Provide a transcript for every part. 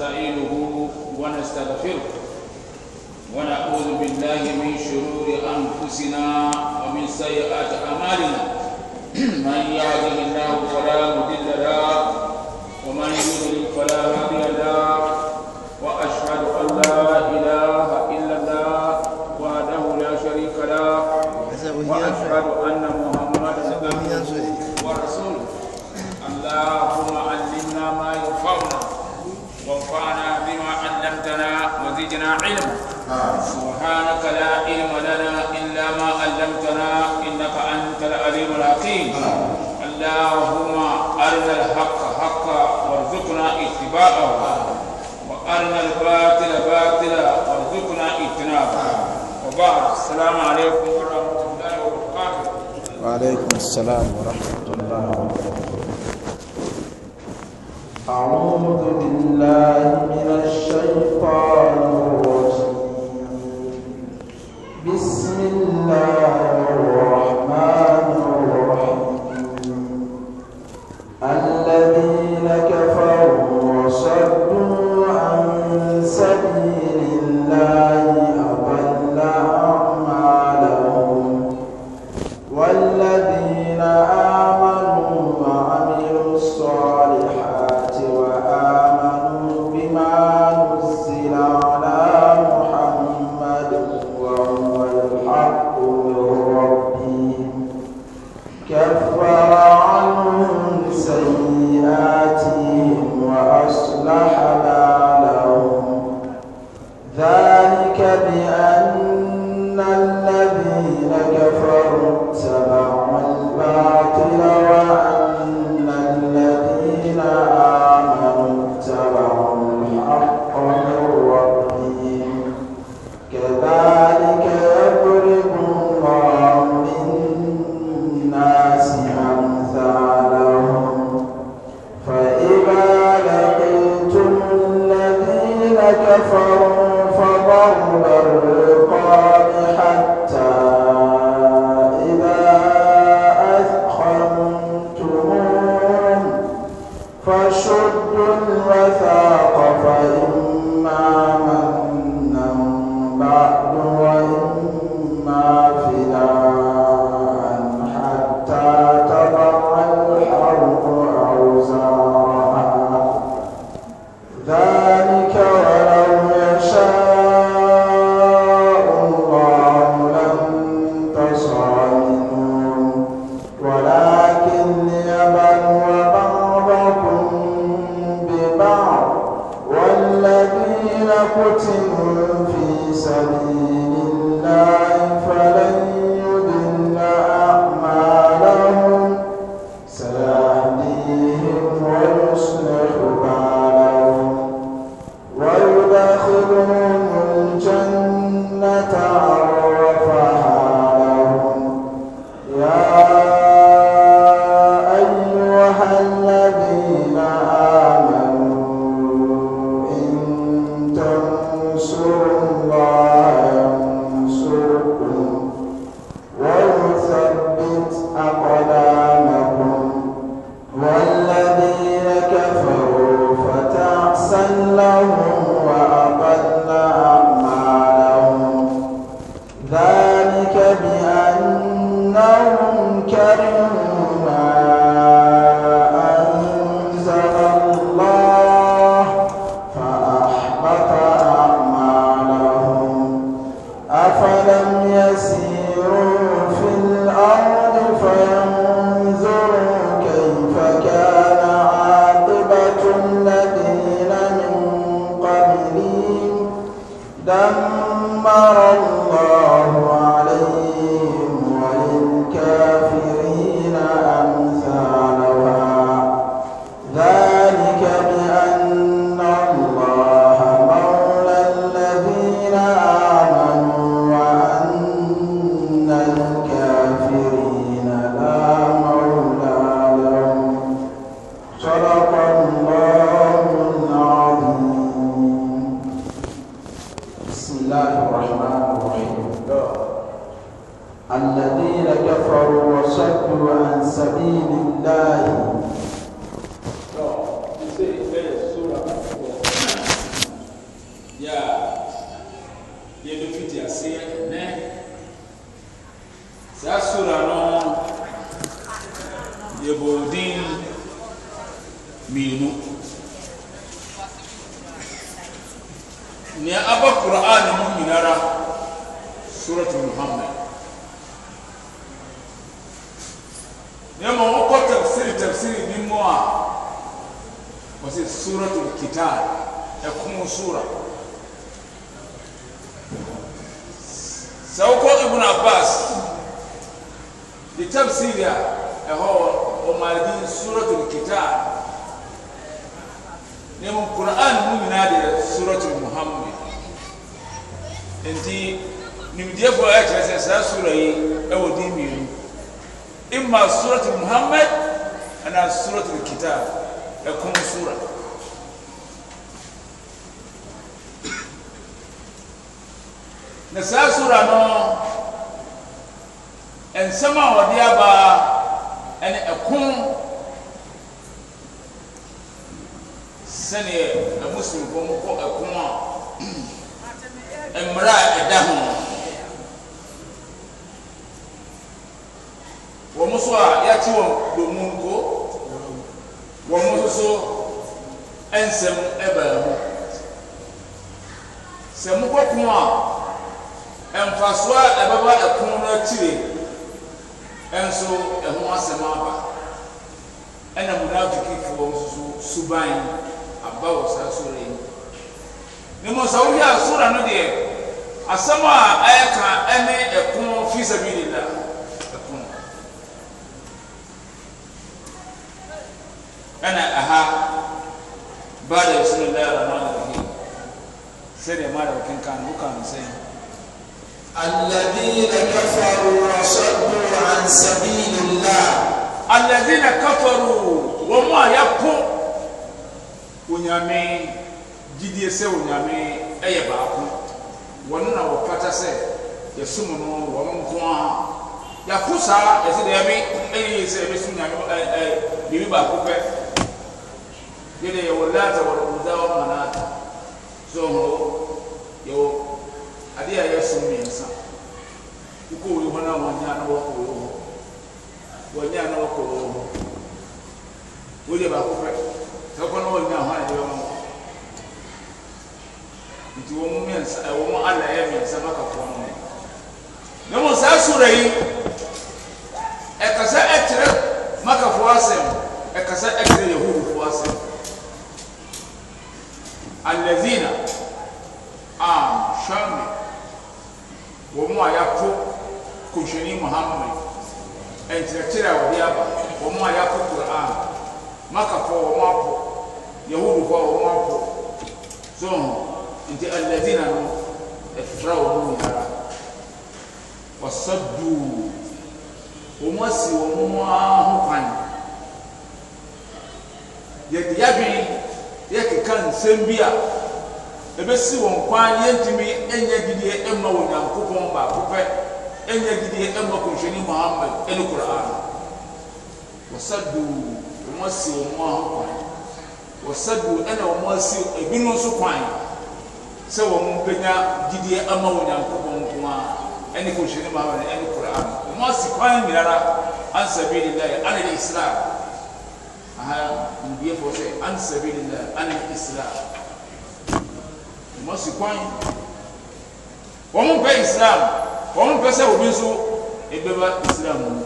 ونستعينه ونستغفره ونعوذ بالله من شرور أنفسنا ومن سيئات أعمالنا من يهده الله فلا مضل له زدنا علما سبحانك لا علم لنا إلا ما علمتنا إنك أنت العليم الحكيم اللهم أرنا الحق حقا وارزقنا اتباعه وأرنا الباطل باطلا وارزقنا اجتنابه وبعد السلام عليكم ورحمة الله وبركاته وعليكم السلام ورحمة الله وبركاته أعوذ بالله Allah yɛbo diminu nia aba kur'an nu minara suratulmuhamad nɛ mɔɔkɔ tabsiri-tabsiri nin mua bɔsi surat lkitab ɛku sura sɛwo kɔ ibn abbas di tabsiria ɛ hɔ madi suratul kitab ne mu qur'an mu nyinaa deɛ suratul muhammad nti nimdeɛfoɔ ɛkyerɛ sɛ saa sura yi ɛwɔ din mmienu imma suratul muhammad anaa suratul kitab ɛkom sura na saa sura no nsɛm a wɔde abaa ɛne ɛkon sɛdeɛ amusimfo mu kɔ ɛkon a mmerɛ a ɛda ho wɔn nso a yɛakye wɔn domunko wɔn nso so nsɛm baa mu sɛ mokɔ a mfasoɔ a ɛbɛba ɛkon no akyire ɛnso ɛho asɛm aba ɛna munafikifoɔ nso suban aba wɔ saa sora yi ne mu saa woyɛ asora no deɛ asɛm a ɛyɛka ɛne ɛko fi sabilillah ɛko ɛna ɛha baada bisimilahi rahmani rahim sɛdeɛ mara wɔkenkan no woka no sɛn الذين كفروا وصدوا عن سبيل الله الذين كفروا وما يكو onyame gyidie sɛ onyame ɛyɛ baako wɔn na wɔpata sɛ yɛsom no wɔn nko a yɛako saa yɛsɛ deɛ yɛme ɛyɛ sɛ yɛbɛsom nyame ɛɛ biribi baako pɛ yɛde yɛwɔ laata wɔde wɔn da wɔn ma naata so na wanyana wako roho wanyana wako roho wuli baako pɛ sɛ kɔnɔ wɔnyina hɔ a yɛbɛ mu nti wɔn mmiɛnsa ɛwɔ eh, mu ala yɛ mmiɛnsa baka fɔ mu ne mu saa sura yi ɛkasa eh, ɛkyerɛ eh, makafoɔ asɛm ɛkasa ɛkyerɛ yahudufoɔ asɛm alazina a ah, hwɛn mi wɔn a yɛato kotwani muhammad ɛnkyerɛkyerɛ a wɔde aba wɔn a yɛapo quran makafo a wɔn apo yahudufo a wɔn apo zon nti aladina no ɛfra wɔn nyinaa wasadu wɔn asi wɔn ara ho kwan yɛde yadwin yɛkeka nsɛm bi a ebesi wɔn kwan yɛntumi ɛnyɛ didiɛ ɛma wɔn nyankopɔn baako pɛ ɛnyɛ gidiɛ ɛma kɔnhwɛni muhammad ɛne qur'an wɔsaduu wɔn asi wɔn ho kwan wɔsaduu ɛna wɔn asi ebinom nso kwan sɛ wɔn benya gidiɛ ama wɔn nyankopɔn nko a ɛne kɔnhwɛni muhammad ɛne qur'an wɔn asi kwan nyinara ansabilillahi ana ne islam aha nbie fɔ sɛ ansabilillahi ana ne islam wɔn asi kwan wɔn mpɛ islam wɔn pɛ sɛ obi nso ebɛba islam mu.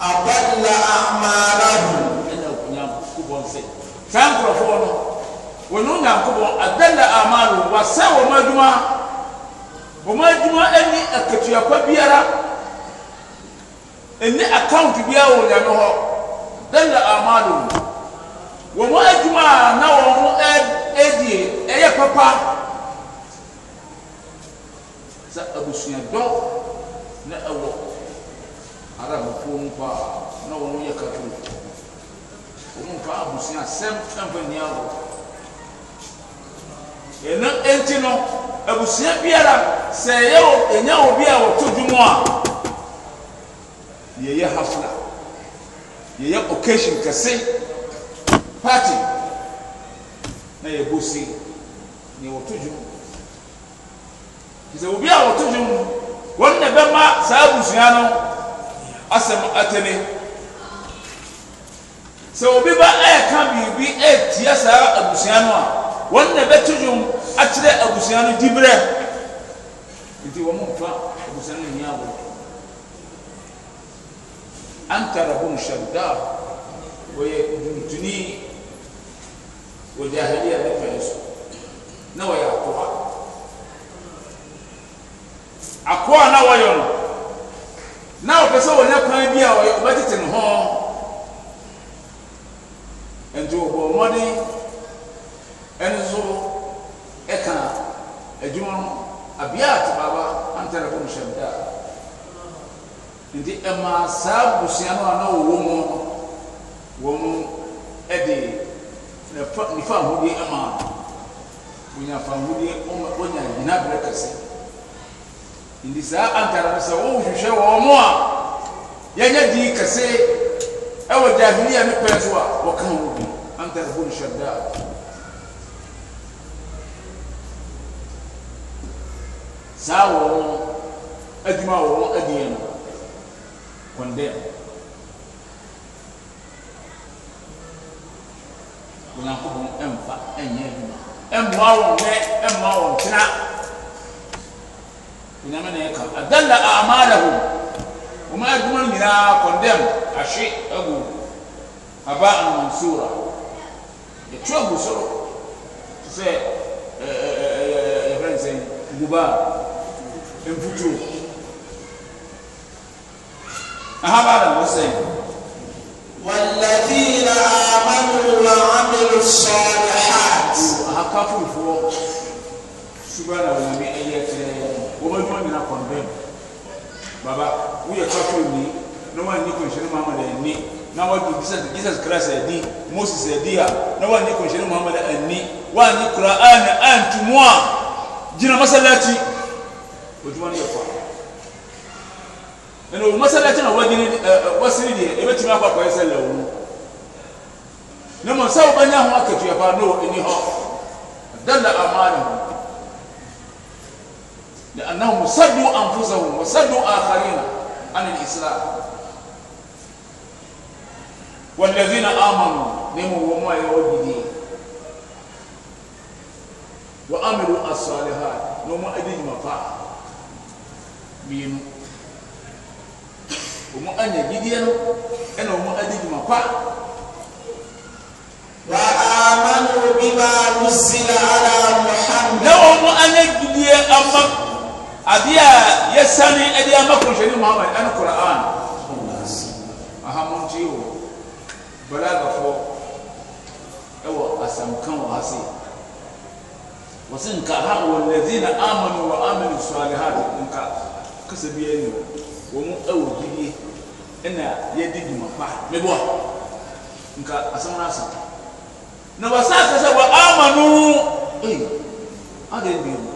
abala amalahu. ɛna okunya kubɔ nsɛ saa nkurɔfoɔ no wɔn nya kubɔ abala amalahu wasa wɔn adwuma wɔn adwuma ɛni akatuakwa biara ɛni akaunt biara wɔ nyame hɔ abala amalahu wɔn adwuma a na wɔn ɛdie ɛyɛ papa sɛ abusuadɔ na ɛwɔ arabfoɔ mu pa na wɔn yɛ katolik wɔn mfa abusua asɛm mfa nni agɔ ɛno enti no abusua biara sɛ ɛyɛ wɔ ɛnya obi a wɔto dwom a yɛyɛ hafla yɛyɛ occasion kɛse party na yɛbɔ si na yɛwɔto dwom sɛ obi a wɔto dwom wɔn na bɛma saa abusua no asɛm atene sɛ obi ba ɛreka biribi ɛretia saa abusua no a wɔn na bɛto dwom akyerɛ abusua no diberɛ nti wɔn mfa abusua no nyinaa bɔ ankara hom hyɛda wɔyɛ duntuni wɔ jahiliya ne fɛn so na wɔyɛ atoa akoa na wɔyɔ no na ɔpɛ sɛ wɔnyɛ kwan bi a ɔyɛ ɔbɛtete ne ho nti ɔbɔ mmɔden ɛno nso ɛka adwuma no abea ate baaba antɛrɛ kɔ nhyɛm da nti ɛmaa saa busua no a na wɔwɔ mu wɔn ɛde nifa ahodeɛ ɛma wɔnya fa ahodeɛ wɔnya gyina kɛse. naaanaaɛ whwehwɛ wɔ no ayɛnyɛ i kɛse ɛwɔ jahilia ne ɛ so a ɔwɔna nawa ɛɔ onyame na ɛka adala amalahu wɔn adwuma no nyinaa kɔndɛm ahye agu aba amansura yɛtu agu soro sɛ ɛɛ ɛfɛn sɛ nguba mfutu ahabada wɔ sɛ. والذين آمنوا وعملوا الصالحات أهكفوا فوق شبنا ونبي أيتنا wɔn adwuma nyinaa kɔndɛm baba woyɛ kɔtɔ ni na wɔanyi kɔnhyɛne muhammad ani na wɔde jesus christ ani moses ani a na wɔanyi kɔnhyɛne muhammad ani wɔanyi quran antumu a gyina masalati adwuma no yɛ fa ɛnna wɔn masalati na wɔde wɔsiri deɛ ebɛtumi akɔ akɔyɛ sɛ lɛwuru na mɔ sɛ wɔbɛnya ho akatua paa no ɛni hɔ dada amaani ho. لأنهم صدوا أنفسهم وصدوا آخرين عن الإسلام والذين آمنوا نموا وما يوجدين وأمروا الصالحات نموا أدين مفاع بينو وما أن يجدين أنا وما أدين مفاع وآمنوا بما نزل على محمد نموا أن يجدين أمك adeɛ a yɛsane de ama kɔnhyɛni muhammad ɛne quran ahamonti wɔ balagafoɔ ɛwɔ asamka wɔ ha se wɔse nka ha walladina amanu wa amanu salihat nka kasa bi ani wɔ mu ɛwɔ gyidie ɛna yɛdi dwuma pa meboa nka asɛm no asa na wɔsa ka sɛ wa amanu ade bio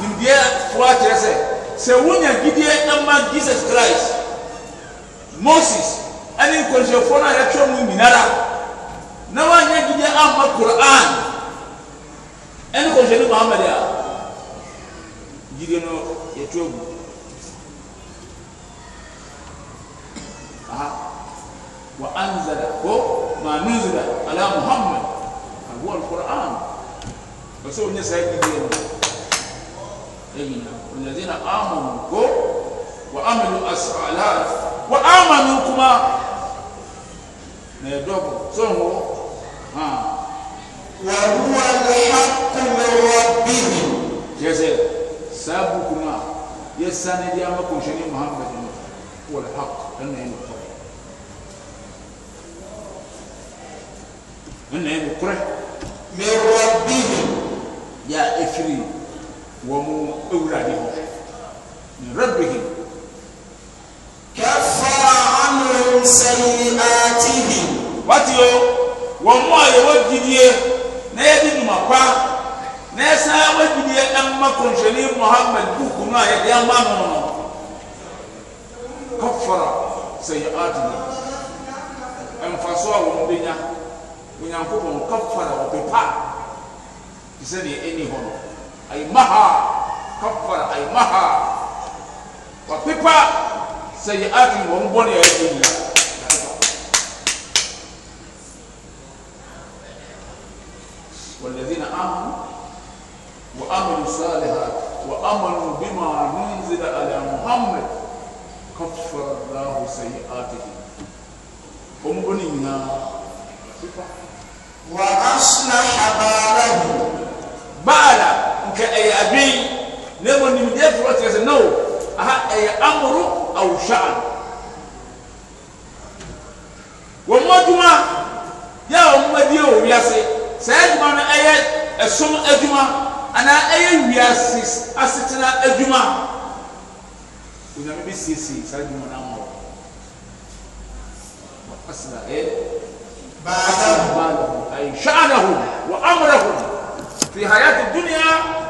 nimdeɛ kora kyerɛ sɛ sɛ wonya gyidie ɛma jesus christ moses ɛne nkwanhyɛfoɔ no a yɛtwerɛ mu nyinara na woanya gyidie amma ah. koran ɛne kwanhyɛni muhammad a gyidie no yɛto agu wa anzala ko ma nuzila ala muhammad abuwa alquran ɔsɛ wonyɛ saa إلا والذين آمنوا جو وعملوا الصالحات وآمنوا كما نيدوكو سونغو ها وهو الحق من ربهم جزاء سابكما يسنة دي أما كنشني محمد هو الحق أنه ينقر أنه ينقر من ربهم يا إفريم wɔn ewurade hɔ ne rabrihim. kẹfàrà anu sẹyìn àtìhì. wáti o wɔn mu a yɛwɔ didie na yɛde numakwa na yɛsan wɔ didie ɛma kɔnhyɛnni muhammed buku no a yɛde ama no no kẹfàrà sẹyìn àtìhì mfaso a wɔn bɛ nya onyankopɔn kẹfàrà ɔbɛ pa te sɛ deɛ ɛni hɔ no. أي مها كفر أي مها وكفى سيئات ومبني أي إلا والذين آمنوا وعملوا الصالحات وآمنوا بما نزل على محمد كفر الله سيئاتهم ومبنينا وأصلح بالهم بالا ka ay abin ne mo nim de furo ti se no aha ay amru aw sha'an wo mo duma ya wo mo di o wiase sa aduma no ay esom aduma ana ay wiase asetena aduma onyame bi siesie saa aduma na ama wo asla eh بعده أي شأنه وأمره في حياة الدنيا